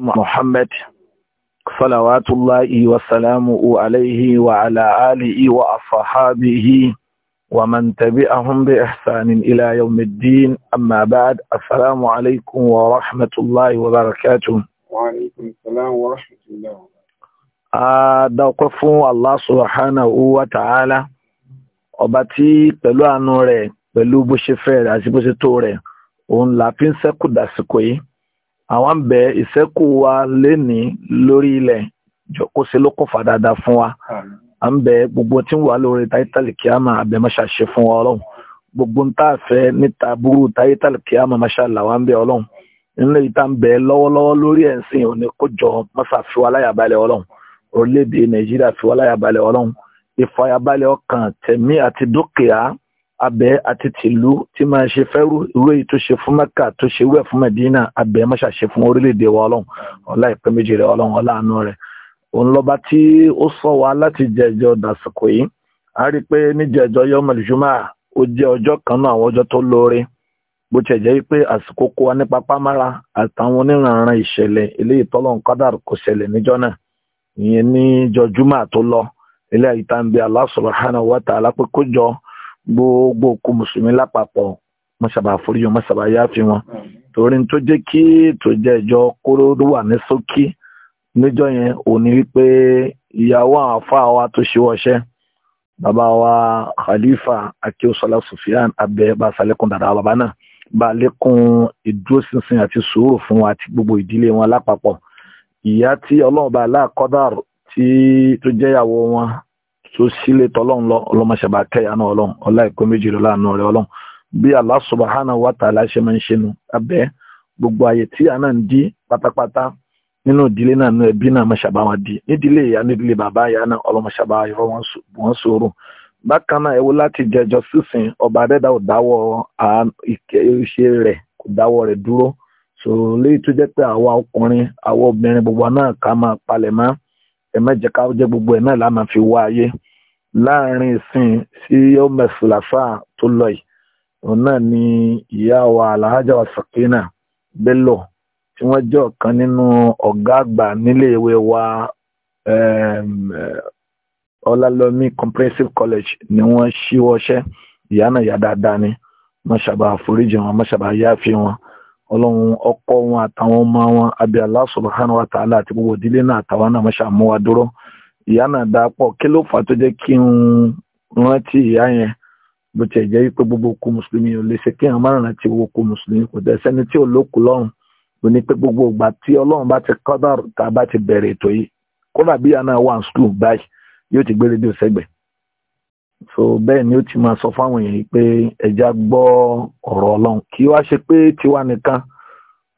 محمد صلوات الله وسلامه عليه وعلى آله وأصحابه ومن تبعهم بإحسان إلى يوم الدين أما بعد السلام عليكم ورحمة الله وبركاته وعليكم السلام ورحمة الله وبركاته الله سبحانه وتعالى ọba tí pẹ̀lú àánú rẹ̀ pẹ̀lú bó ṣe fẹ́ rẹ̀ àti bó ṣe tó rẹ̀ òun là fi ń sẹ́kù dàsìkò yìí àwọn bẹ ìṣẹ́kù wa lénìí lórí ilẹ̀ kó ṣe ló kún fa dáadáa fún wa à ń bẹ gbogbo tí ń wà lórí táítàlì kíámà àbẹ̀mọ́ṣà ṣe fún wa ọlọ́run gbogbo ń tà fẹ́ níta burú táítàlì kíámà máṣá làwọn ń bẹ ọlọ́run nínú ìta ń bẹ lọ́wọ́lọ́wọ́ lórí ẹ̀sìn òní kójọ mọ́ṣà fi wá láyàbalẹ̀ ọlọ́run orílẹ̀-èdè nàìjíríà fi wá láyàbalẹ̀ ọlọ́run ìfọyàbalẹ̀ ọkàn tẹ̀mí àti dúkìá abẹ àti tìlú tí máa ṣe fẹ́rú irú èyí tó ṣe fún Mẹ́kà tó ṣe wẹ̀ fún Mẹ́dínà abẹ mọ́ṣà ṣe fún orílẹ̀-èdè wa ọlọ́run ọlá ìpẹ́ méjì rẹ̀ ọlọ́run ọlá àánú rẹ̀ òun lọ́ba tí ó sọ wa láti jẹjọ dàsìkò yìí a rí i pé níjẹjọ yọmọ ìjùmọ̀ ó jẹ́ ọjọ́ kan náà àwọn ọjọ́ tó lóore bó tiẹ̀ jẹ́ pé àsìkò kó wa nípa pámára àtàwọn oníranran ìṣẹ̀lẹ̀ eléyìí tọ́lọ̀ Allah subhanahu wa ta'ala pé kó gbogbo òkú mùsùlùmí lápapọ̀ mọ́ṣàbà foríjọ mọ́ṣàbà yáfi wọn torí tó jẹ́ kí tó jẹ́ ìjọ kóró wà ní sókí níjọ yẹn ò wípé ìyàwó àwọn àfáà wa tó ṣe wọṣẹ́ bàbá wa khalifa akíọ́sọlá sufiyan abẹ bá salẹ́kùn dàda bàbá náà bá lẹ́kùn ìdúróṣinṣin àti sùúrù fún wa àti gbogbo ìdílé wọn lápapọ̀ ìyá tí ọlọ́run bá aláàkọ́dàrú tí tó jẹ́yàwó wọn so sílé tọ́lọ́run lọ ọlọ́mọṣẹ́bà kẹ́yàánú ọlọ́run ọlá ìkó méjì lọ láàánú rẹ ọlọ́run bí Allah subhanahu wa ta'ala ṣe máa ń ṣe nu abẹ́ gbogbo aye tí àná ń di pátápátá nínú ìdílé náà nínú ẹbí náà mọ̀ṣàbá wọn di nídìílé ìyá nídìílé bàbá ìyá náà ọlọ́mọṣàbá ìrọ̀ wọn sòrò bákan náà láti ọba adẹ́dá ká láàrin ìsìn sí yọmọ ìfìlàfà tó lọ yìí òun náà ni ìyá wa alhaja wa sakina bello tí wọ́n jẹ́ ọ̀kan nínú ọ̀gá àgbà nílé wa ehm, ọlálọ́mí comprehensive college ni wọ́n ṣíwọ́ṣẹ́ ìyá náà yá dáadáa ni wọ́n ṣàbà àforíjì wọn wọ́n ṣàbà yááfì wọn ọlọ́run ọkọ wọn àtàwọn wọn àbí Allah subhanahu wa ta'ala àti gbogbo ìdílé náà àtàwọn náà wọ́n ìyá náà dáa pọ̀ kí ló fà á tó jẹ́ kí n rántí ìyá yẹn bó tiẹ̀ jẹ́ pé gbogbo òkú mùsùlùmí ò lè ṣe kí àwọn márùn àti gbogbo òkú mùsùlùmí kò dẹ̀ sẹ́ni tí ò lókù lọ́rùn ò ní pé gbogbo ìgbà tí ọlọ́run bá ti kọ́ dàrú tá a bá ti bẹ̀rẹ̀ ètò yìí kódà bí àná wà ní skul báyìí yóò ti gbé rédíò sẹ́gbẹ̀ẹ́ so bẹ́ẹ̀ ni ó ti máa sọ fáwọn èèyàn pé ẹja gbọ́ ọ̀rọ̀ ọlọ́run kì wá ṣe pé tiwa nìkan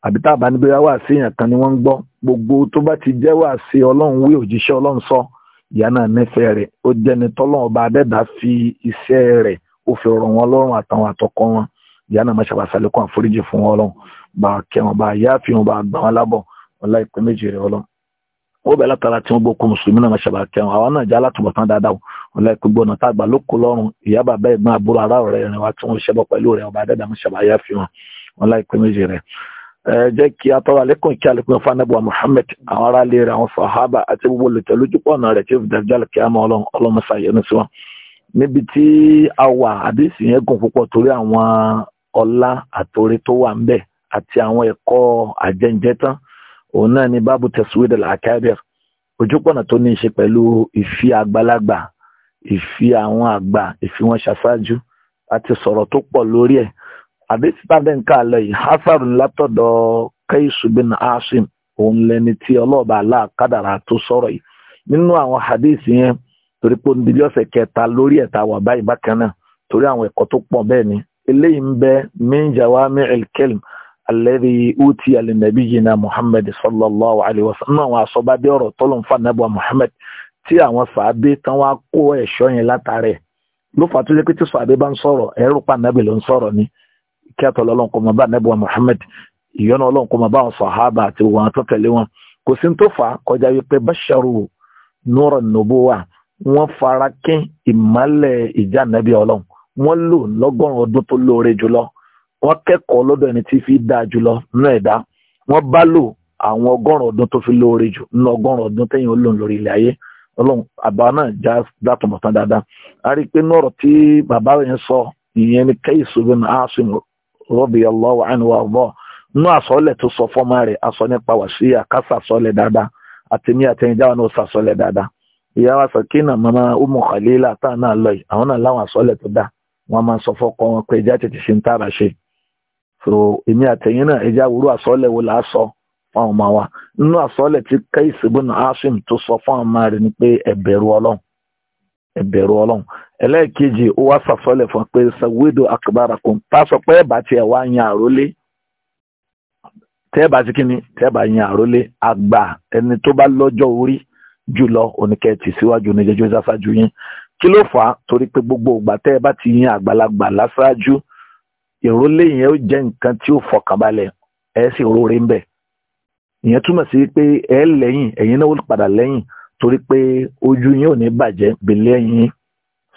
àbí tá a bá ní pé wá sí èèyàn kan ni wọ́n ń gbọ́ gbogbo tó bá ti jẹ́ wá sí ọlọ́run wí òjíṣẹ́ ọlọ́run sọ ìyá náà nífẹ̀ẹ́ rẹ̀ ó jẹni tọ́lọ́run ọba adẹ́dá fi iṣẹ́ rẹ̀ ó fi rọ̀ wọn lọ́rùn àtàwọn àtọkọ wọn ìyá náà máa ṣàbàṣà lẹ́kọ́ àforíjì fún wọn ọlọ́run bá a kẹ́ wọn bá a yá fi wọn bá a gbà wọn lábọ̀ wọn láì pé méjì rẹ̀ ọlọ́run ó bẹ̀ látara tí wọ́n bó kó mùsùlùmí náà máa ṣàbàṣà kẹ́ wọn àwọn náà já látùbọ̀tán dáadáa wọn láì pé gbọ́nà tá àgbà ló lọ́rùn ìyá bàbá ẹ̀gbọ́n àbúrò ará ọ̀rẹ́ rẹ̀ wá tí wọ́n ṣẹbọ pẹ̀lú rẹ̀ ọba adẹ́dàmú ṣàbàyà fi wọn wọn láì pé méjì rẹ̀ jẹ́ kí atọ́rọ alẹ́kùn ìkí alẹ́kùn fanabu muhammed àwọn ará lè ra àwọn sahaba àti gbogbo olùtẹ̀lójúpọ̀ ọ̀nà rẹ̀ tí ó fi dájúdájú kí a mọ ọlọ́mọsá yẹnu sí wọn. níbi tí a wà àdéhìsì yẹn gùn púpọ̀ torí àwọn ọlá àtòrí tó wà ńbẹ̀ àti àwọn ẹ̀kọ́ àjẹǹjẹ tán òun náà ni báàbù tẹ̀síwé dẹ̀ làkàbẹ̀r ojúpọ̀nà tó ní ṣe pẹ̀lú ìfi ìfi àwọn àgbà ìfi wọn ṣàṣáájú àti sọ̀rọ̀ tó pọ̀ lórí ẹ̀ Ade tàbí nǹkan àlọ́ yìí hasaru látọ̀dọ̀ kaisu bin asim òun lẹni tí ọlọ́ọ̀bà aláàkádàrà tó sọ̀rọ̀ yìí nínú àwọn àdéhùn yẹn torí pé níbi ọ̀sẹ̀ kẹta lórí ẹ̀ta wà báyìí bákan náà torí àwọn ẹ̀kọ́ tó pọ̀ bẹ́ẹ̀ ni eléyìí ń bẹ min jawami'il kalim alladhi utiya li nabiyyina muhammad sallallahu alayhi wa sallam náà àwọn àsọ̀bádé ọ̀rọ̀ kí àtọ̀ lọ́lọ́n kọ́ máa bá nẹ́bùwà Muhammad ìyọ́nà ọlọ́run kọ́ máa bá àwọn sàhábà àti wọn tó tẹ̀lé wọn kò sí tó fà á kọjá wípé basharu nura nubuwa wọ́n fara kín ìmọ́lẹ̀ ìjà nẹ́bí ọlọ́run wọ́n lò lọ́gọ́rùn ọdún tó lóore jùlọ wọ́n kẹ́kọ̀ọ́ lọ́dọ̀ ẹni tí fi dáa jùlọ nínú ẹ̀dá wọ́n bá lò àwọn ọgọ́rùn ọdún tó fi lóore jù nínú ọgọ́rùn ọdún tẹ́yìn ó lò lórí ilẹ̀ ayé ọlọ́run àbá náà já dátùmọ̀ tán dáadáa a rí i pé nọ́ọ̀rọ̀ tí bàbá rẹ̀ ń sọ ìyẹn ni kẹ́yìn sóbẹ́ náà á sùn radiyallahu anhu àwọ̀ nú àsọlẹ̀ tó sọ fọ́mọ rẹ̀ aṣọ nípa wàṣíyà ká sàsọlẹ̀ dáadáa náà dáadáa ìyá wa mama Umu Khalila táà náà lọ yìí àwọn náà láwọn àsọlẹ̀ tó dáa wọn máa sọ fọ́kọ wọn pé ìjà tètè ṣe ń tààrà ṣe so èmi àtẹ̀yìn náà ẹja wúrú wo làá sọ fún àwọn ọmọ wa nínú àsọlẹ̀ tí Kais ibn Asim tó sọ fún àwọn ọmọ rẹ̀ ẹ̀bẹ̀rù ọlọ́run ẹlẹ́ẹ̀kejì ó wá sàfọ́lẹ̀ fún pé sàwédò akabara kò ń ta sọ pé ẹ̀bà tiẹ̀ wá yan àrólé tẹ́ẹ̀bà ti kíni tẹ́ẹ̀bà yan àrólé àgbà ẹni tó bá lọ́jọ́ orí jùlọ oníkẹ́ẹ̀tì síwájú oníjẹ́jọ́ ìsáfájú yín kí ló fà á torí pé gbogbo ìgbà tẹ́ẹ̀ bá ti yan àgbàlagbà lásáájú ìrólé yẹn ó jẹ́ nǹkan tí ó fọkànbalẹ̀ ẹ̀ sì róore ń bẹ̀ ìyẹn túmọ̀ sí pé ẹ̀ lẹ́yìn ẹ̀yin náà ó padà lẹ́yìn torí pé ojú yín ò ní bàjẹ́ bèlẹ́ yín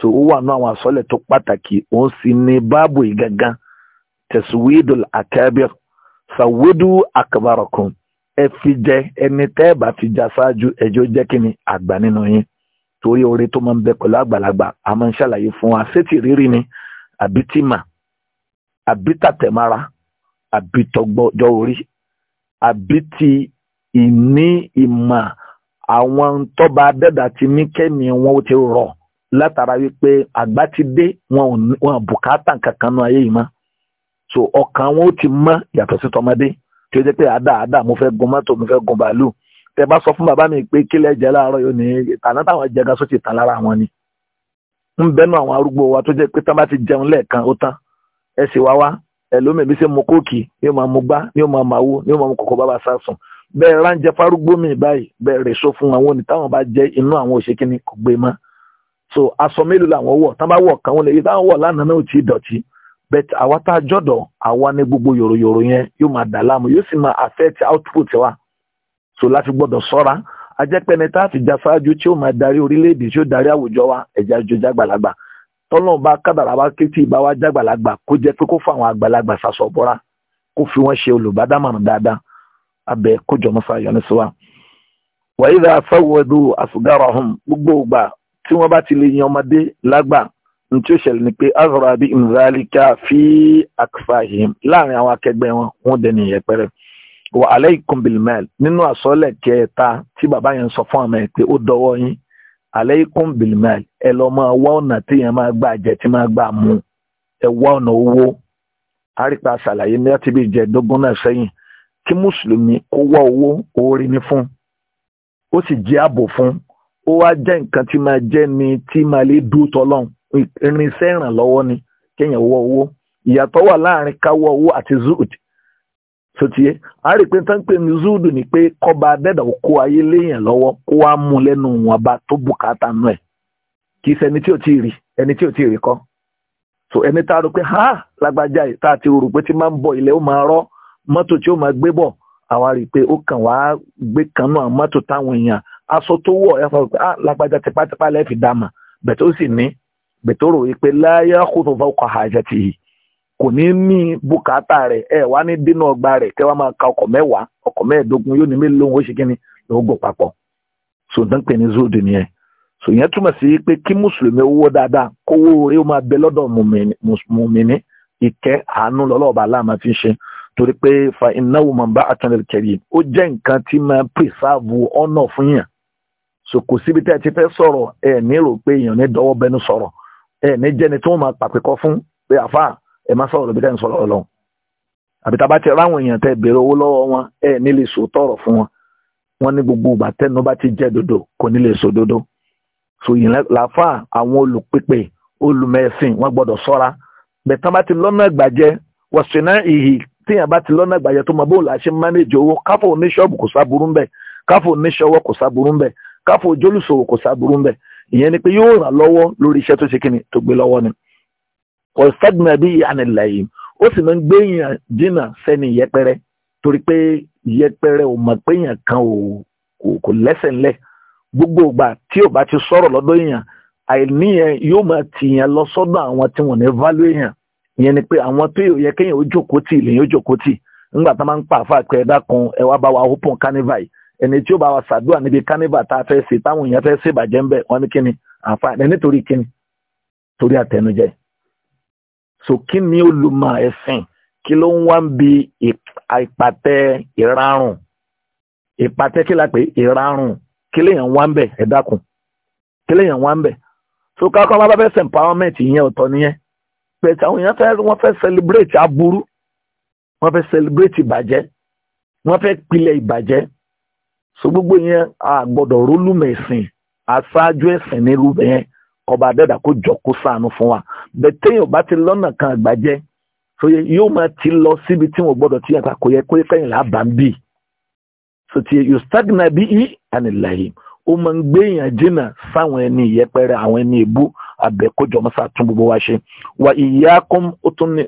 so ó wà ní àwọn àsọlẹ̀ tó pàtàkì òun sì ní báàbò yìí gangan tẹ̀síwìdùl àkẹ́bìr sàwédù àkàbàrọ̀kùn ẹ fi jẹ ẹni tẹ́ ẹ bá fi jà ṣáájú ẹjọ́ jẹ́ kí ni àgbà nínú yín torí oore tó máa ń bẹ pẹ̀lú àgbàlagbà a máa ń ṣàlàyé fún wa sétí rírì ni àbí tìmà àbí tàtẹ̀mára àbí tọgbọ́jọ́ orí àbí ti ìní ìmọ̀ àwọn tọ́ba dẹ́dà ti ní kẹ́mi wọn ó ti rọ̀ látara wípé àgbà ti dé wọn ò bùkátà kankan nu ayé yìí mọ́ so ọkàn wọn ó ti mọ́ yàtọ̀ sí tọmọdé tí ó jẹ́ pé àdá àdá mo fẹ́ gun mọ́tò mo fẹ́ gun bàálù tẹ bá sọ fún bàbá mi pé kílẹ̀ jẹ́ láàárọ̀ yóò ní tàná táwọn jẹ gaso tàn lára wọn ni ń bẹnu àwọn arúgbó wa tó jẹ́ pé tán bá ti jẹun lẹ́ẹ̀kan ó tán ẹ sì wá wá ẹlòmíì bí ṣe mu kóòkì yóò máa mu gbá yóò máa máa wó yóò máa mu kòkó bàbá sásùn bẹ́ẹ̀ ránjẹ fárúgbó mi báyìí bẹ́ẹ̀ rè so fún àwọn òní táwọn bá jẹ́ inú àwọn òṣèkínní kò gbé mọ́ so aṣọ mélòó làwọn wọ̀ tán bá wọ̀ kàn wọ́n lè yí táwọn wọ̀ lánàá náà ti dọ̀tí bẹ́ẹ̀ àwa tá a jọ̀dọ̀ àwa ní gbogbo yòròyòrò yẹn yóò máa dà láàmú yóò sì máa affect output wa so láti gbọ́dọ̀ sọ́ra ajẹ́pẹ́ni tá a fi jà fáájú tí ó máa darí orílẹ̀-èdè tí ó darí àwùjọ wa ẹ̀já jọ jágbàlagbà tọ́lọ́n bá kádàrà wá kétí ìbá wa jágbàlagbà kó jẹ́ pé kó fún àwọn àgbàlagbà sàṣọ bọ́ra kó fi wọ́n ṣe olùbádámọ̀ràn dáadáa abẹ kójọ mọ́sá yọnu sí wa. wa idha fawwadu asgarahum gbogbo ògbà tí wọ́n bá ti lè yan ọmọdé lágbà ní tí ó ṣẹlẹ̀ ni pé azọra bí nzalika fi akfahim láàrin àwọn akẹgbẹ́ wọn wọn dẹni yẹpẹrẹ wa alaykum bil mal nínú àsọlẹ̀ kẹta tí bàbá yẹn sọ fún àmọ́ ẹ̀ pé ó dọwọ́ yín alaykum bil ẹ lọ máa wá ọ̀nà téèyàn máa gbà jẹ tí máa gbà mú ẹ wá ọ̀nà owó àrípa ṣàlàyé ní láti bí ìjẹ́dógún náà sẹ́yìn kí mùsùlùmí kó wá owó orí ní fún ó sì jẹ́ ààbò fún ó wá jẹ́ nǹkan tí máa jẹ́ ni tí máa lè dúró tọ́lọ́n irinṣẹ́ ìrànlọ́wọ́ ni kéèyàn wọ owó ìyàtọ̀ wà láàrin káwọ́ owó àti zuud sotie a rí i pé tán pé ní zuud ni pé kọ́ba adẹ́dà kó ayé léèyàn lọ́wọ́ kó wá mú lẹ́nu wọn bá tó bùkátà nù ẹ̀ kì í ṣe ẹni tí ò tí ì rí ẹni tí ò tí ì rí kọ́ so ẹni tá a rò pé ha lágbájá yìí tá a ti rò pé tí máa ń bọ ilẹ̀ ó máa rọ́ mọ́tò tí ó máa gbé bọ̀ àwa rí i pé ó kàn wá gbé kan náà mọ́tò táwọn èèyàn aṣọ tó wọ̀ ẹ fọ pé ah lágbájá tipátipá lẹ́ẹ̀fì dáàmà bẹ̀tẹ̀ ó sì ní bẹ̀tẹ̀ ó rò wípé láyé kótó fọkọ̀ hajatihi kò ní ní bùkátà rẹ̀ ẹ wá ní dínà ọgbà rẹ̀ kẹ́ wá máa ka ọkọ̀ mẹ́wàá ọkọ̀ mẹ́ẹ̀ẹ́dógún yóò ní mélòó ó ṣe kí ni ló so n tán pè so yẹn túmọ̀ sí pé kí mùsùlùmí owó dáadáa kówó orí ó máa bẹ lọ́dọ̀ mùmìnì ń ṣe torí pé fa ináwó máa bá àtúndẹ̀ kẹrì ó jẹ́ nǹkan tí máa pèsèàbù ọ̀nà fún yàn so kò síbi tẹ́ ẹ ti fẹ́ sọ̀rọ̀ ẹ ní rò pé èèyàn ní dọ́wọ́ bẹnu sọ̀rọ̀ ẹ ní jẹ́ni tí wọ́n máa pàpẹ́kọ́ fún pé àfa ẹ má sọ̀rọ̀ lóbi tẹ́ sọ̀rọ̀ lọ́wọ́ àbí tá a bá ti ráwọn èèyàn tẹ́ béèrè owó lọ́wọ́ wọn ẹ ní lè sọ tọ̀rọ̀ fún wọn wọn ní gbogbo ìgbà tẹ́nu bá ti jẹ́ dodo kò ní lè sọ dodo so yìí làáfà àwọn olùpèpè olùmẹ̀sìn wọn gbọ́dọ̀ ṣọ́ra bẹ̀tán bá ti lọ́nà ìgbàjẹ́ wọ̀sùn náà téèyàn bá ti lọ́nà àgbàyẹ tó mọ bóun là ṣe mánéjì owó káfò oníṣọ́ọ̀bù kò sáburú ń bẹ̀ káfò oníṣọ́wọ́ kò sáburú ń bẹ̀ káfò ojúlùsòwò kò sáburú ń bẹ̀ ìyẹn ni pé yóò ràn lọ́wọ́ lórí iṣẹ́ tó ṣe kíni tó gbé lọ́wọ́ ni. ọ̀sẹ́gun ẹbí ànilẹ̀ yìí ó sì máa ń gbé èèyàn jìnnà sẹ́ni yẹpẹrẹ torí pé yẹpẹrẹ ò mọ̀ pé èèyàn kan kò lẹ́sẹ̀ ńlẹ̀ gbogbo ìgbà tí ò bá ti sọ̀rọ̀ lọ́dọ̀ èèyàn àìníyẹn yóò máa tìyàn lọ sọ́dọ̀ àwọn tí wọ́n ní value èèyàn ìyẹn ni pé àwọn tó yẹ kéèyàn ó jókòó tì lèyìn ó jókòó tì nígbà tá máa ń pa àfa pé ẹ̀dá kan ẹ bá wa open carnival yìí ẹni tí ó bá wa ṣàdúrà níbi carnival tá a fẹ́ ṣe táwọn èèyàn fẹ́ ṣe ìbàjẹ́ ńbẹ wọn ní kíni àfa ẹ nítorí kíni torí àtẹnujẹ so kí ni olùmọ̀ ẹ̀sìn kí ló ń wá ń bi ìpàtẹ ìrarùn ìpàtẹ kí la pè ìrarùn kí lèèyàn wá ń bẹ ẹ dákun kí lèèyàn wá ń bẹ so kákọ́ bá fẹ́ empowerment ìyẹn ọ̀tọ̀ nìyẹn pẹ̀tẹ́ àwọn èèyàn fẹ́ wọ́n fẹ́ celebrate aburú wọ́n fẹ́ celebrate ìbàjẹ́ wọ́n fẹ́ pilẹ̀ ìbàjẹ́ so gbogbo yẹn a gbọ́dọ̀ rólùmẹ̀sìn aṣáájú ẹ̀sìn nílùú yẹn ọba àdẹ́dà kó jọ kó sànù fún wa bẹ̀tẹ́yìn bá ti lọ́nà kan àgbàjẹ́ so yóò máa ti lọ síbi tí wọ́n gbọ́dọ̀ tí yẹn pa kò yẹ kó fẹ́yìn lábàá ń bì so ti yóò stagna bí i ànilàyé ó máa ń gbé èèyàn jìnnà sáwọn ẹni ìyẹpẹrẹ àwọn ẹni èbú abẹ́kójọ mọ́sá tún gbogbo wa ṣe wa iyyakum ó tún ní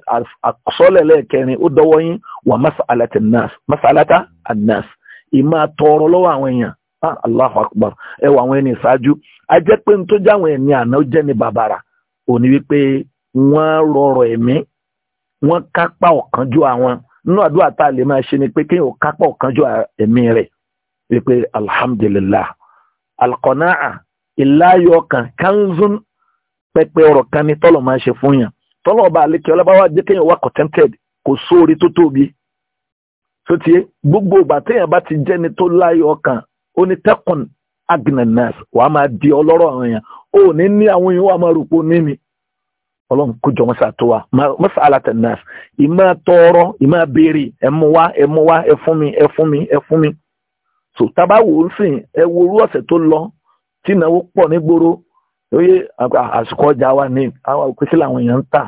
àsọ́lẹ̀ lẹ́ẹ̀kẹrin ó dọwọ́ yín wa masalata nas masalata annas ìmọ̀ àtọ̀rọ̀ lọ́wọ́ àwọn èèyàn ah, allahu akbar ẹ wọ àwọn ẹni ìṣáájú a jẹ́ pé n tó jẹ́ àwọn ẹni àná ó jẹ́ ní bàbàrà òní wípé wọ́n rọrọ̀ ẹ̀mí wọ́n kápá ọ̀kánjú àwọn nínú àdúrà tá a lè máa ṣe ni pé kéèyàn kápá ọ̀kánjú ẹ̀mí rẹ̀ wípé alhamdulillah alqanaa ìláyọ̀ kan kanzun pẹpẹ ọ̀rọ̀ kan ni tọ́lọ̀ máa ń ṣe fún yàn tọ́lọ̀ ọba àlékè ọlábáwá jẹ́ kéèyàn wà contented kò sóore tó tóbi tó ti yé gbogbo ìgbà téèyàn bá ti jẹ́ni tó láyọ̀ ọkàn ó ní tẹ́kùn agnanas wàá máa di ọlọ́rọ̀ àwọn èèyàn ó ní ní àwọn èèyàn wà máa rò pé ó ní ni ọlọ́run kó jọ mọ́sá tó wa mọ́sá alátẹ̀nàs ìmọ̀ tọrọ ìmọ̀ béèrè ẹ̀mú wá ẹ̀mú wá ẹ fún mi ẹ fún mi ẹ fún mi. so tábà wò ó sìn ẹ wo orú ọ̀sẹ̀ tó lọ tí ìnáwó pọ̀ nígboro Oye, àsìkò ọjà wa ní àwọn òkú kí làwọn èèyàn ń tà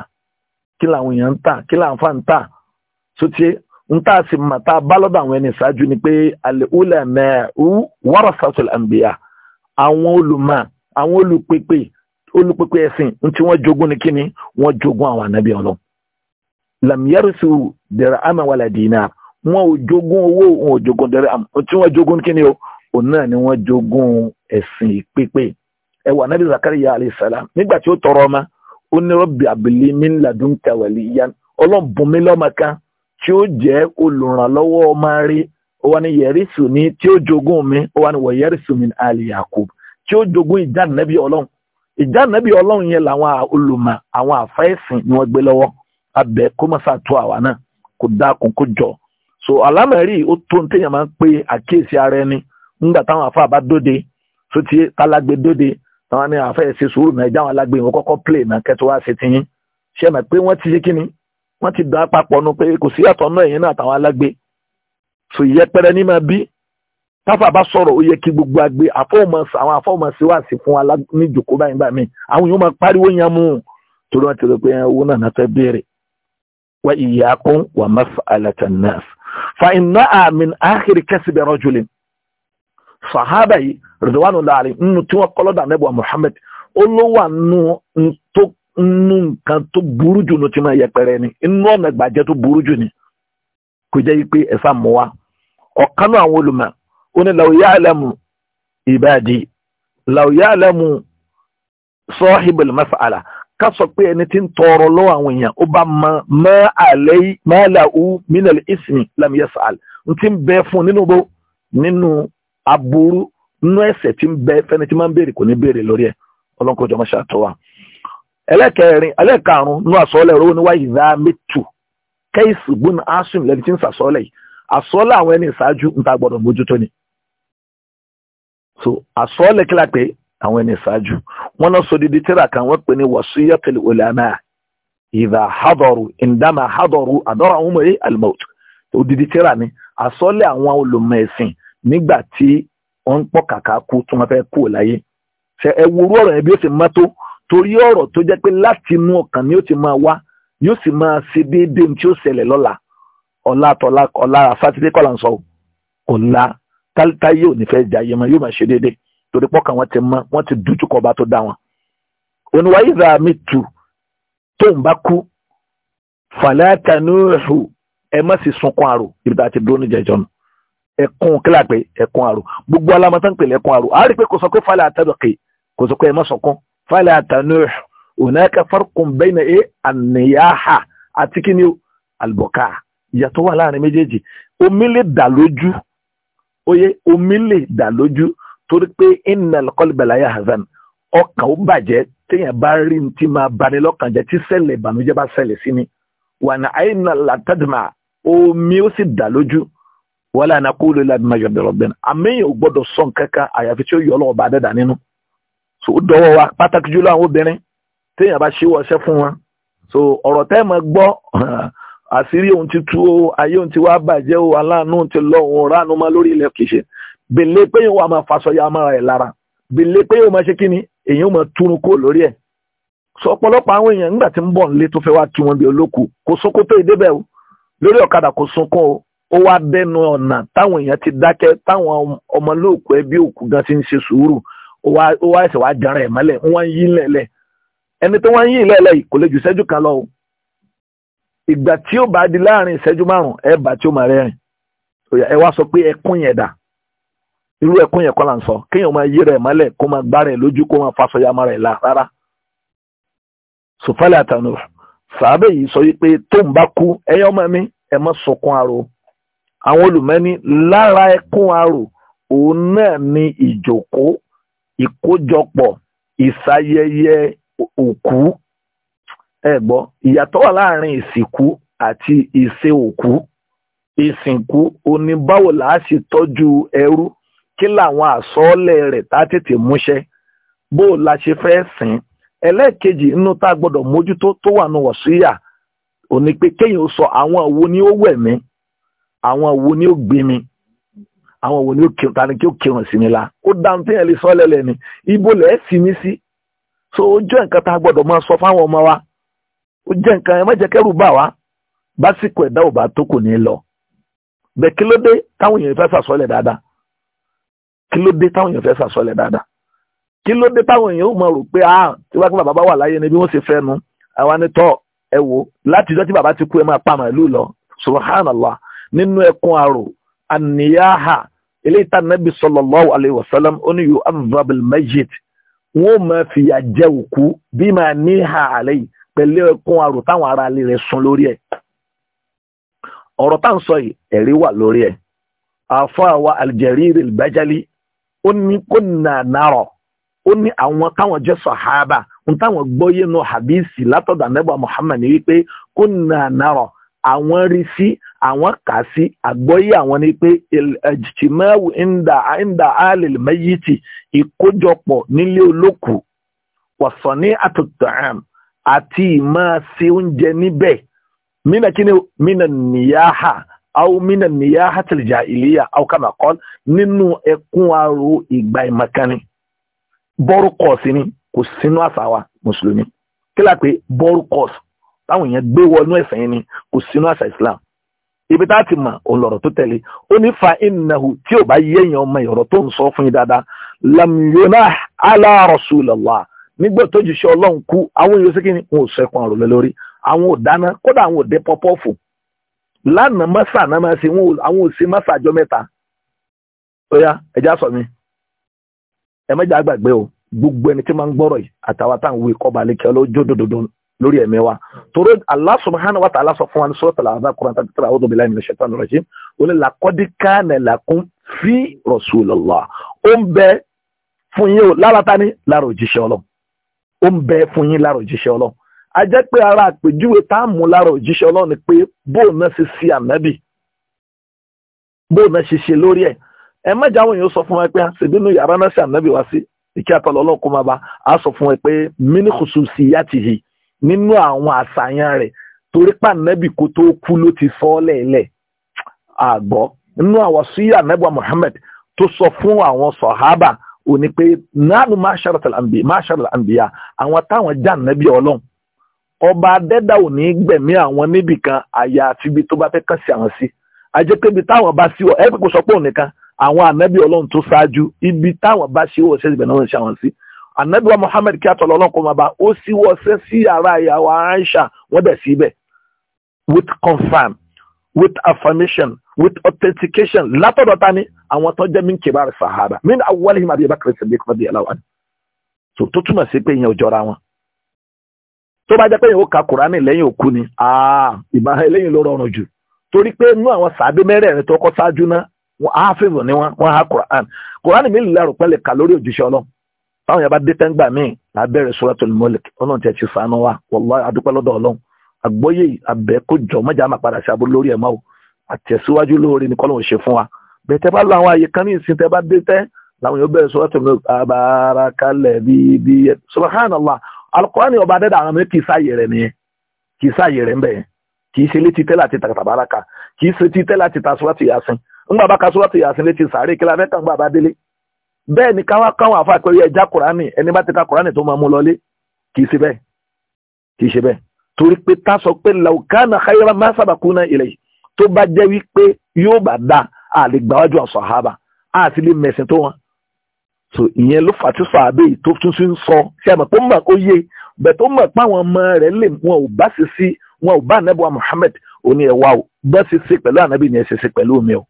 kí làwọn èèyàn ń tà kí làǹfà ń tà sótìé ń tà sí mà tá a bá lọ́dọ̀ àwọn ẹni ṣáájú ni pé àlè ulẹ̀ mẹ́ẹ̀ẹ́rú warasatul anbiya àwọn olùmọ̀ àwọn olùpèpè olùpèpè ẹ̀sìn ń tí wọ́n jogún ni kíni wọ́n jogún àwọn ànábì ọlọ́ lam yarisu dir'ama wala dinar wọn ò jogún owó wọn ò jogún dir'ama tí wọ́n jogún kíni o òun náà ni wọ́n jogún ẹ̀sìn pípé ẹwà nàbí Zakariya alayhi salam nígbà tí ó tọrọ ọma, ó ní rọ́bì àbílí min ladunka yan, ọlọ́bùnmi lọ́mọ tí ó jẹ́ olùrànlọ́wọ́ ọmọ rí ó wà ní ní tí ó jogún mi ó wà ní wọ̀ ali Yakub tí ó jogún ìjánabi ọlọ́run yẹn làwọn olùmọ̀ àwọn àfẹ́sìn ni wọ́n gbé lọ́wọ́ abẹ kó má so alámẹ̀rí ó tó ní téèyàn máa ń pe ara ẹni nígbà táwọn àfa àbá dóde tó àwọn ni àfẹ́ ṣe sùúrù náà ìjáwọn alágbè wọn kọ́kọ́ plé náà kẹ́tọ́ wá ṣe tiyín ṣe mọ̀ pé wọ́n ti ṣe kíni wọ́n ti dá papọ̀ nu pé kò sí yàtọ̀ náà ẹ̀yin náà àtàwọn alágbè sò yẹpẹrẹ ní máa bí táfà bá sọ̀rọ̀ ó yẹ kí gbogbo agbe àfọwọ́mọsí àwọn àfọwọ́mọsí wà sí fún ní báyìí bá mi àwọn yóò máa pariwo yan mú un torí wọn ti rò pé owó náà náà fẹ́ béèrè wá iyyakum wà mas'alatan nas fa innaha min akhiri kasbi rajulin sàhábà yìí rìdíwánù láàrin nínú tí wọ́n kọ́ lọ́dọ̀ àmẹ́bùwà Muhammad ó ló wà nù nǹkan tó burú jù ni inú ọ̀nà ìgbàjẹ́ tó burú jù ni kò jẹ́ pé ẹ̀fà mọ́ wa ọ̀kanú àwọn olùmọ̀ ó ní ibadi law ya'lamu sahibul mas'ala ká sọ pé ẹni tí ń tọrọ lọ́wọ́ àwọn èèyàn ó aburú nínú ẹ̀ṣẹ̀ tí ń bẹ fẹ́ni tí máa ń béèrè kò ní béèrè lórí ẹ̀ ọlọ́nkọjọ́ máa ṣàtọ́ wa. ẹlẹ́kẹrin ẹlẹ́karùn-ún nínú àsọ́ọ́lẹ̀ rówó níwá ìdá mẹ́tù kẹ́ìsì bùn asim lẹ́ni tí ń sàsọ́ọ́lẹ̀ yìí àsọ́ọ́lẹ̀ àwọn ẹni ìṣáájú ń ta gbọ́dọ̀ mójútó ni. so àsọ́ọ́lẹ̀ kí la pé àwọn ẹni ìṣáájú wọn náà sọ dídí tíra kan wọ́n pè ní wasiyatul nígbà tí wọ́n ń pọ̀ kàkà kú tí wọ́n fẹ́ kú láyé ṣe ẹ worú ọ̀rọ̀ yẹn bí ó ṣe mọ́ tó torí ọ̀rọ̀ tó jẹ́ pé láti inú ọkàn ni ó ti máa wá yóò sì máa ṣe déédéé tí ó ṣẹlẹ̀ lọ́la ọ̀la tọ́la ọ̀la sátidé kọ́là ń sọ ọ̀la táyé ò ní fẹ́ jayé mọ́ yóò máa ṣe déédéé torí pọ́kàn wọn ti mọ́ wọ́n ti dújúkọ ọba tó dá wọn. oníwà ìzà mi tù tó ń bá kú fàlẹ́ àtànúhù ẹ má sì sunkún àrò ibi tá a ti dúró níjẹ̀jọ́ nù ẹkún kílà pé ẹkún àrò gbogbo alamọta ń pèlè ẹkún àrò àárí pé kò sọ pé fàlẹ àtàdọkè kò sọ pé ẹ má sọkún fàlẹ àtànú ònàkà farkun bẹ́ẹ̀nà ẹ e, àníyáhà àti kíni àlùbọ̀ká ìyàtọ̀ wà láàrin méjèèjì omi lè dà lójú oyè omi lè dà lójú torí pé iná kọlùbẹ̀lá yà hazan ọkàn ó bàjẹ́ téèyàn bá rí ní ti máa bani lọ́kàn jẹ́ tí ṣẹlẹ̀ ìbànújẹ́ bá ṣẹlẹ̀ sí ni wà ní àyìnà látàdìmà omi ó sì dà lójú wala naqulu illa bima yurdi rabbina àmẹ́yìn ò gbọ́dọ̀ sọ nǹkankan àyàfi tí ó yọ ọlọ́ọ̀bà dẹ́dà nínú so ó dọwọ́ wa pàtàkì jùlọ àwọn obìnrin téèyàn bá ṣíwọ́ ọṣẹ́ fún wọn so ọ̀rọ̀ tẹ́ mọ̀ gbọ́ àṣírí òun ti tú o ayé òun ti wá bàjẹ́ o aláàánú ti lọ òun ránú mọ́ lórí ilẹ̀ kìí ṣe bèlè pé yóò wá ya mára ẹ̀ lára bèlè pé yóò máa ṣe kí ni èyí ó máa túrun kó lórí ẹ̀ sọ ọ̀pọ̀lọpọ̀ àwọn èèyàn nígbà tí ń bọ̀ nílé tó fẹ́ wá kí wọn bí olóku kò sunkún o lórí ọ̀kadà kò sunkún o ó wá dẹnu ọ̀nà táwọn èèyàn ti dákẹ́ táwọn ọmọlóòkú ẹbí òkú gan ti ń ṣe sùúrù ó wá ẹsẹ̀ wá jẹrẹ ẹ̀ mọ́lẹ̀ wọ́n yí lẹ̀lẹ̀ ẹni tó wọ́n kan lọ o ìgbà tí ó bá di láàrin ìṣẹ́jú márùn ẹ bá tí sọ pé ẹkún yẹn dà irú ẹkún yẹn kọ́ là ń sọ kéèyàn máa yí rẹ̀ mọ́lẹ̀ kó máa gbá rẹ̀ lójú kó máa sọ wípé tó ń bá kú ẹyọ́ mi ẹ sọkún àwọn olùmẹ́ni lára ẹkún arò òun náà ni ìjòkó ìkójọpọ̀ ìsayẹyẹ òkú ẹ gbọ́ ìyàtọ̀ wà láàrin ìsìnkú àti ìṣe òkú ìsìnkú òní báwo là á tọ́jú ẹrú kí làwọn àsọọ́lẹ̀ rẹ̀ tá tètè múṣẹ bó la ṣe fẹ́ sìn ẹlẹ́ẹ̀kejì tá a gbọ́dọ̀ mójútó tó wà ni ó wẹ̀ mí àwọn wo ni ó gbé mi àwọn wo ni ó kírun ta ni kí ó kírun sí mi la ó dáhùn tí yẹn lè ni ibo lẹ́ẹ̀ sí mi sí so ó jẹ́ nǹkan tá a gbọ́dọ̀ máa sọ fáwọn ọmọ wa ó jẹ́ nǹkan ẹ má jẹ́ kẹ́rù bà wá básìkò ẹ̀dá ò bá tó kò ní lọ bẹ́ẹ̀ kí ló dé táwọn èèyàn fẹ́ sàsọ́lẹ̀ dáadáa kí ló dé táwọn èèyàn fẹ́ sàsọ́lẹ̀ dáadáa kí ló dé táwọn èèyàn ó mọ̀ rò pé ah tí wọ́n bàbá bá wà láyé ni bí wọ́n ṣe fẹ́ nu àwa ni ẹ wo láti ìjọ́ tí bàbá ti kú ẹ máa pa màálù lọ subhanallah nínú ẹkùn àrò àníyáhà eléyìí tá nàbí sallallahu alayhi wa sallam ó ní yu'adhdhab al-mayyit wọn ò máa fìyà jẹ òkú bí máa níhà àlẹyìn pẹ̀lú ẹkùn àrò táwọn ará ilé rẹ̀ sùn lórí ẹ̀ ọ̀rọ̀ tá à ń sọ yìí ẹ̀rí wà lórí ẹ̀ àfáà wa al-Jarir ó ní kunna nara ó ní àwọn táwọn jẹ́ sàhábà ń táwọn gbọ́yé nu hadisi látọ̀dọ̀ anábà Muhammad ní wípé kunna nara àwọn rí sí àwọn kà sí àgbọ́yé àwọn ni pé ìjìmẹ́wò ìndà alìl mẹ́yìtì ìkójọpọ̀ nílé olókùú wọ̀sán ní àtúntàn àti ìmọ̀ sí oúnjẹ níbẹ̀ mina kini mina niyaha aw mina niyaha tìlìjà ìlíyà aw kama qal nínú ẹkún aró ìgbà ìmọ̀kánni bọ́rùkọ̀ọ̀sì ni kò sínú àṣà wa mùsùlùmí kí lápẹ́ bọ́rùkọ̀ọ̀sì táwọn èèyàn gbé wọnú ẹ̀sìn yẹn ni kò sínú àṣà Islam ibi tá a ti mọ̀ òun lọ̀rọ̀ tó tẹ̀lé ó ní fa ìnáhu tí ò bá yéèyàn ọmọ ìrọ̀ tó ń sọ fún yín dáadáa lamyona ala rasulillah nígbà tó jù sí ọlọ́run kú àwọn èèyàn sẹ́kìn wọn ò sẹ́kùn àrùn lé lórí àwọn ò dáná kódà àwọn ò dé pọ́pọ́ọ̀fù lánàá mọ́sà náà máa ṣe àwọn ò ṣe mọ́sà àjọ mẹ́ta ó yá ẹja o gbogbo ẹni tí máa ń lórí ẹ̀mí wa torí Allah subhanahu wa ta'ala sọ fún wa ní suratul Ahzab Qur'an tàbí tàbí a'udhu billahi minash shaitanir rajim ó ní laqad kana lakum fi rasulillah ó ń bẹ fún yín o lára ta ní lára òjíṣẹ́ Ọlọ́run ó ń bẹ fún yín lára òjíṣẹ́ Ọlọ́run a jẹ́ pé ara àpèjúwe tá a mú lára òjíṣẹ́ Ọlọ́run ni pé bóun náà ṣe sí ànábì bóun náà ṣe ṣe lórí ẹ̀ ẹ mẹ́jọ àwọn èèyàn sọ fún wa pé ṣèbínú yàrá náà a sọ fún wa pé min khususiyyatihi nínú àwọn àṣàyàn rẹ̀ torí pàǹdẹ́bì kó tó kú ló ti sọ ọ́ lẹ́ẹ̀lẹ́ nínú àwọn síyà nẹ́bà Muhammad tó sọ fún àwọn sọ̀hábà ò ní pé nánú máṣàrà àǹbíyà àwọn táwọn já nẹ́bí ọlọ́run ọba adẹ́dà ò ní gbẹ̀mí àwọn níbì kan àyà àti ibi tó bá fẹ́ kàn sí àwọn sí ajẹ́pẹ́bi táwọn bá sí ọ ẹ pé kò sọ pé òun nìkan àwọn ànẹ́bí ọlọ́run tó ṣáájú ibi táwọn bá ṣe ó ṣe ìbẹ̀ náà ń ṣe àwọn sí anabiwa muhammed kí atọ́lọ́ ọlọ́run kò máa bá ó síwọ́sẹ́ sí yàrá ìyàwó aisha wọ́n bẹ̀ síbẹ̀ with confirm with affirmation with authentication látọ̀dọ̀ ta ni àwọn tó jẹ́ min kibar sahaba min awwalihim abi bakr as-siddiq radiyallahu anhu so tó túmọ̀ sí pé ìyẹn ò jọra wọn tó bá jẹ́ pé ìyẹn ó ka kùránì lẹ́yìn òkú ni ìbára lẹ́yìn ló rọrùn jù torí pé inú àwọn sàábé mẹ́rẹ̀ẹ̀rin tó kọ́ ṣáájú náà wọ́n á fèvò ní wọn wọ́n á kùránì kùránì mi lè rò pẹ́lẹ̀ kà lórí òjíṣẹ́ ọlọ́run táwọn yẹn bá dé tẹ́ngbà míì lábẹ́rẹ̀ suratul mulk ọlọ́run tẹ̀ ti fàánú wa wallahi adúpẹ́ lọ́dọ̀ ọlọ́run àgbọ́yé abẹ́ kó jọ mọ́jà máa padà ṣàbò lórí ẹ̀ máa o àtẹ̀síwájú lóore ni kọ́lọ́run ṣe fún wa bẹ́ẹ̀ tẹ́ bá lọ àwọn àyè kan ní ìsìn tẹ́ bá dé tẹ́ làwọn yóò bẹ̀rẹ̀ suratul mulk abarakalẹ̀ bíi bíi subhanallah alukurani ọba dẹ́dà àwọn mi kì í bẹ́ẹ̀ ni káwá káwọn àfa pé ẹja kùránì ẹni bá ti ka kùránì tó máa mú lọlé kì í ṣe bẹ́ẹ̀ kì í ṣe bẹ́ẹ̀ torí pé tá sọ pé laukana khayra má sabakuna ilẹ̀ tó bá jẹ́ wípé yóò bá da àlè gbàwájú àwọn sàhábà àti lè mẹ̀sìn tó wọn. so ìyẹn ló fà tí sàábé yìí tó tún sí ń sọ ṣé àmọ́ tó mọ̀ ó yé bẹ̀ tó mọ̀ pé àwọn ọmọ rẹ̀ lè wọn ò bá ṣe sí wọn ò bá ànábì wa Muhammad òní ẹ̀wà ò bọ́ ṣe ṣe pẹ̀lú ànábì ni ẹ̀ ṣe ṣe pẹ̀lú mi o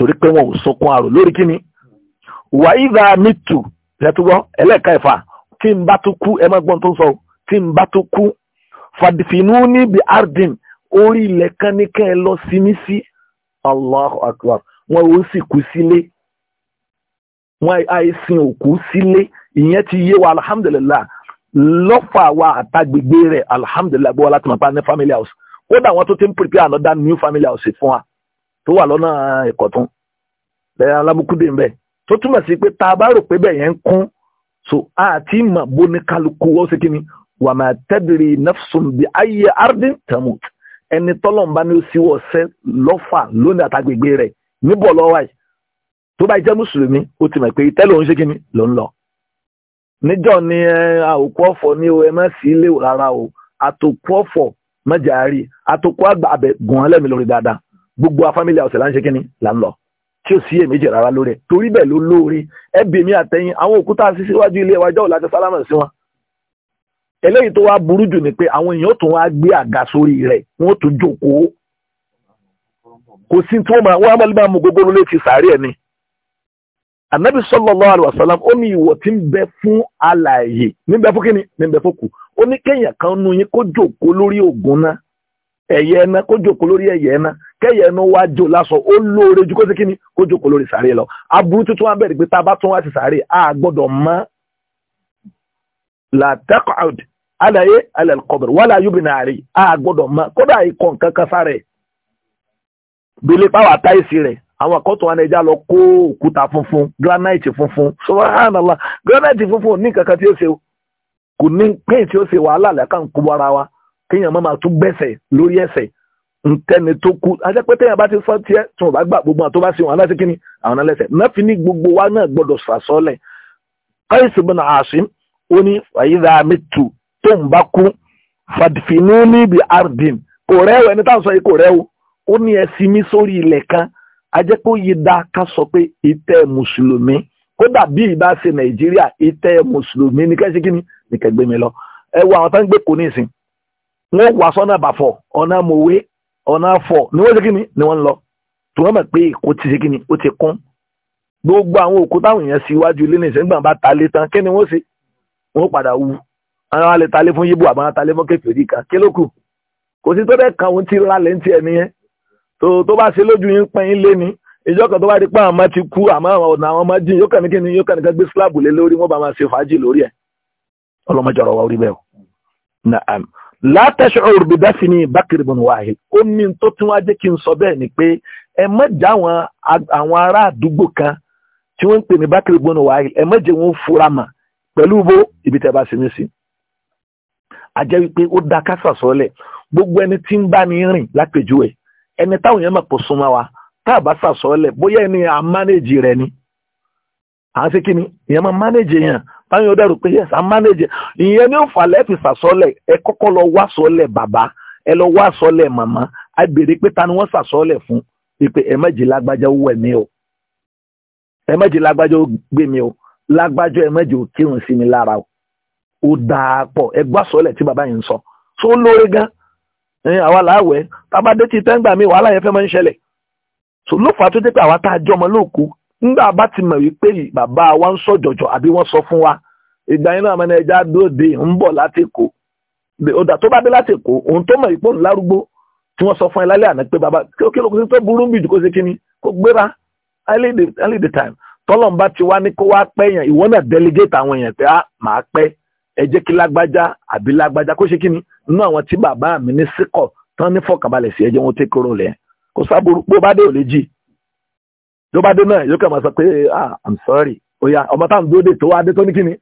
torí pé wọn ò sunkún àrò lórí kíni wà ìdá mítù lẹ́tùgbọ́ ẹlẹ́ẹ̀ka ẹ̀fà tí n bá tún kú ẹ má gbọ́n tó ń sọ tí n bá tún kú fàdìfínú níbi ardin orí ilẹ̀ kan ní kẹ́ ẹ lọ sí mi sí wọn ò sì kú sílé wọn àìsìn òkú sílé ìyẹn ti yé wa alhamdulillah lọ́fà wa àtàgbègbè rẹ̀ alhamdulillah gbọ́ wa láti mọ̀ pa ní family house kódà wọn tó ti ń prepare another new family house fún wa tó wà lọ́nà ìkọ̀tún lẹ́yìn alábùkúdé ń bẹ̀ tó túmọ̀ sí pé tá a bá rò pé bẹ́ẹ̀ yẹn ń kún so àti mọ̀ bó ní kálukú ó sì kíni wà máa tadri nafsun bí ayé ardin tamut ẹni tọ́lọ́mbá ni ó sì wọ́ ṣẹ́ lọ́fà lónìí àtàgbègbè rẹ̀ níbọ̀ lọ́wọ́ àyè tó bá jẹ́ mùsùlùmí ó ti mọ̀ pé tẹ́lẹ̀ òun ṣe kíni ló ń lọ níjọ́ ni àòkú eh, ọ̀fọ̀ ni ẹ má sí ilé rárá o àtòkú ọ̀fọ̀ mọ́jà rí àtòkú àgbà abẹ gùn án lẹ́mìí lórí dáadáa gbogbo a family house là ń ṣe kínní là ń lọ tí ò sí èméjì rárá lórí ẹ̀ torí bẹ́ẹ̀ ló lóore ẹbí mi àtẹ̀yìn àwọn òkúta sí síwájú ilé wa ìjọ́ òlájọ sálámà sí wọn eléyìí tó wá burú jù ni pé àwọn èèyàn tún wá gbé àga sórí rẹ̀ wọ́n tún jókòó kò sí tí wọ́n máa wọ́n máa máa mú gbogbo ni anabi sallallahu ó ní ìwọ tí ń bẹ fún kan nu yín kó jókòó lórí náà náà kó jókòó lórí kẹ́yẹ̀ ẹnu wá jò lásán ó lóore ju kó sí kíni kó jòkó lórí sàárè lọ aburú tuntun wa bẹ̀rẹ̀ pé tá a bá tún wá sí sàárè a gbọ́dọ̀ mọ́ latakad alaye alalkọbẹrẹ wàlá yubina àrí a gbọ́dọ̀ mọ́ kódà ikọ̀ nǹkan kan sáré bílẹ̀ pàwọ́ àtàìsí rẹ̀ àwọn àkọ́tún wa nàìjíríà lọ kó òkúta funfun granite funfun subhanallah granite funfun ní kankan tí ó ṣe kò ní pẹ́yìn tí ó ṣe wàhálà lẹ́ka ń kó ara wa kéèyàn má máa tún gbẹ̀sẹ̀ lórí ẹ̀sẹ̀ nkẹ́ni tó kú ajẹ́pẹ́tẹ́ yẹn bá ti fọ́ tiẹ́ tí wọ́n bá gbà gbogbo àti tó bá sí wọn aláṣẹ kínní àwọn aláṣẹ nàfi ní gbogbo wa náà gbọ́dọ̀ sàsọ́lẹ̀ Qais bin Asim ó ní fàyídà mẹ́tù tó ń bá kú fàdìfínú níbi ardin kò rẹ́wò ẹni táwọn sọ yìí kò rẹ́wò ó ní ẹ sí mi sórí ilẹ̀ kan ajẹ́pẹ́ yìí dá ká sọ pé ìtẹ́ mùsùlùmí kódà bí ìbá ṣe Nàìjíríà ìtẹ́ mùsùlùmí ní kẹ́sí kínní ní kẹgbẹ́mi lọ ẹ wo àwọn tó gbé kò ní ìsìn wọ́n wà sọ́nà àbàfọ̀ ọ̀nà mòwe ọ̀nà àfọ̀ ni wọ́n ṣe kí ni ni wọ́n lọ tí wọ́n mọ̀ pé èkó ti ṣe kí ni ó ti kún gbogbo àwọn òkú táwọn èèyàn sí iwájú ilé nìṣẹ́ nígbà bá talé tán kí ni wọ́n ṣe wọ́n padà wu àwọn alẹ́ talé fún yíbù àbáwọn talé fún kẹfìrí kan kí ló kù kò sí tó bẹ́ẹ̀ kan òun ti ralẹ̀ ń tiẹ̀ nìyẹn tó tó bá ṣe lójú yín pẹ́yìn lé ni ìjọ kan tó bá rí pé àwọn ọmọ ti kú àmọ́ àwọn ọ̀nà àwọn ọmọ jìn yóò kàn ní yóò kàn gbé síláàbù lé lórí wọn bá máa ṣe fàájì lórí ẹ̀ ọlọ́mọjọ́rọ̀ wa orí bẹ́ẹ̀ o látẹ̀ṣọ́rù bí bẹ́ẹ̀ sì ni bákìrì bùn wáhì ó ní tó tún wá jẹ́ kí n sọ bẹ́ẹ̀ ni pé ẹ mọ̀jẹ̀ àwọn ará àdúgbò kan tí wọ́n ń pè ní bákìrì bùn wáhì ẹ mọ̀jẹ̀ wọn fura mà pẹ̀lú bó ibi tẹ́ bá sinmi sí. a wípé ó da kásà sọ́lẹ̀ gbogbo ẹni tí ń bá ní rìn lápèjúwe ẹni táwọn yẹn mọ̀ kó súnmọ́ wa tá a bá sà sọ́lẹ̀ bóyá ẹni à àti kíni ìyẹn máa manage yẹn báyìí ó dẹ̀rù pé yes i'm manage ìyẹn ní òfàlẹ́ fi sàsọ́lẹ̀ ẹ kọ́kọ́ lọ wá sọ́lẹ̀ bàbá ẹ lọ wá sọ́lẹ̀ màmá a béèrè pé ta ni wọ́n sàsọ́lẹ̀ fún ipe ẹ méjì lágbájá ó wẹ̀ mí o ẹ méjì lágbájá ó gbé mi o lágbájá ẹ méjì ó kírun sí mi lára o ó dáa pọ̀ ẹ gbọ́ sọ́lẹ̀ tí bàbá yìí ń sọ tó lóore gan àwa làwẹ̀ tábàdé ti tẹ́ǹgbà mi wàhálà yẹn fẹ́ máa ń ṣẹlẹ̀ so ló fà á tó jẹ́ pé àwa tá a jọmọ lóòkú nígbà bá ti mọ̀ wípé bàbá wa ń sọ jọ̀jọ̀ àbí wọ́n sọ fún wa ìgbà yẹn náà mọ̀ ní ẹja dóde ń bọ̀ láti kó ọ̀dà tó bá dé láti kó òun tó mọ̀ ìpọ́n lárúgbó tí wọ́n sọ fún ẹ lálẹ́ àná pé bàbá kí ló kó sí tó burú bìjù kó ṣe kí kó gbéra early the time tọ́lọ́n bá ti wá ní kó wá pẹ́ yẹn ìwọ náà delegate àwọn èèyàn pé ah màá pẹ́ ẹ jẹ́ kí lágbájá àbí lágbájá kó ṣe kí ni nínú àwọn tí bàbá mi ní síkọ̀ tán ní fọkànbalẹ̀ sí ẹjẹ́ wọn tẹ́kọ̀rọ̀ rẹ̀ kó sábúrú bó bá dé ò ló bá dé náà yóò kàn máa sọ pé ah i'm sorry oya ọmọ táwọn dúró dé tó wá dé tó ní kíni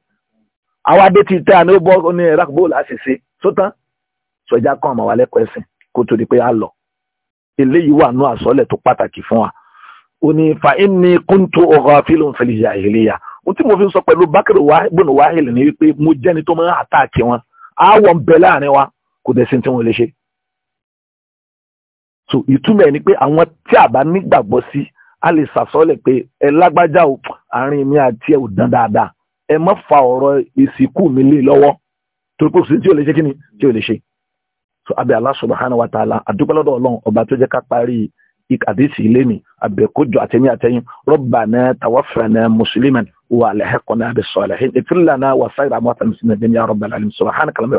àwa dé ti tẹ́ àná ó bọ́ ní iraq bóòlù àṣìṣe sótán sọjá kan àmọ́ wa lẹ́kọ̀ọ́ ẹ̀sìn kó tó di pé a lọ eléyìí wà nú àsọlẹ̀ tó pàtàkì fún wa ó ní fa inni kuntu ghafilun fil jahiliya ohun tí mo fi sọ pẹ̀lú bákẹ́rù bùnú wáhìl ni wípé mo jẹ́ni tó máa ń àtàkì wọn àwọ̀ ń bẹ láàrin wa kò dẹ̀ sí tí wọ́n lè ṣe. so ìtumọ̀ ẹ̀ ni pé àwọn tí a bá nígbàgbọ́ sí a lè sàsọ́lẹ̀ pé ẹ lágbájá o àárín mi àti ẹ ò dán dáadáa ẹ má fa ọ̀rọ̀ ìsìnkú mi lé lọ́wọ́ torí pé òṣìṣẹ́ tí ò lè ṣe kí ni tí ò lè ṣe. so abẹ́ Allah subhanahu wa ta'ala àdúpẹ́lọ́dọ̀ ọlọ́run ọba tó jẹ́ ká parí àdéhìsì ilé mi abẹ́ kójọ àtẹ̀yìn àtẹ̀yìn rabbana tawaffana musliman wa alhaqna bis salihin ighfir lana wa sa'ir amwatina muslimin ya rabbal alamin subhanaka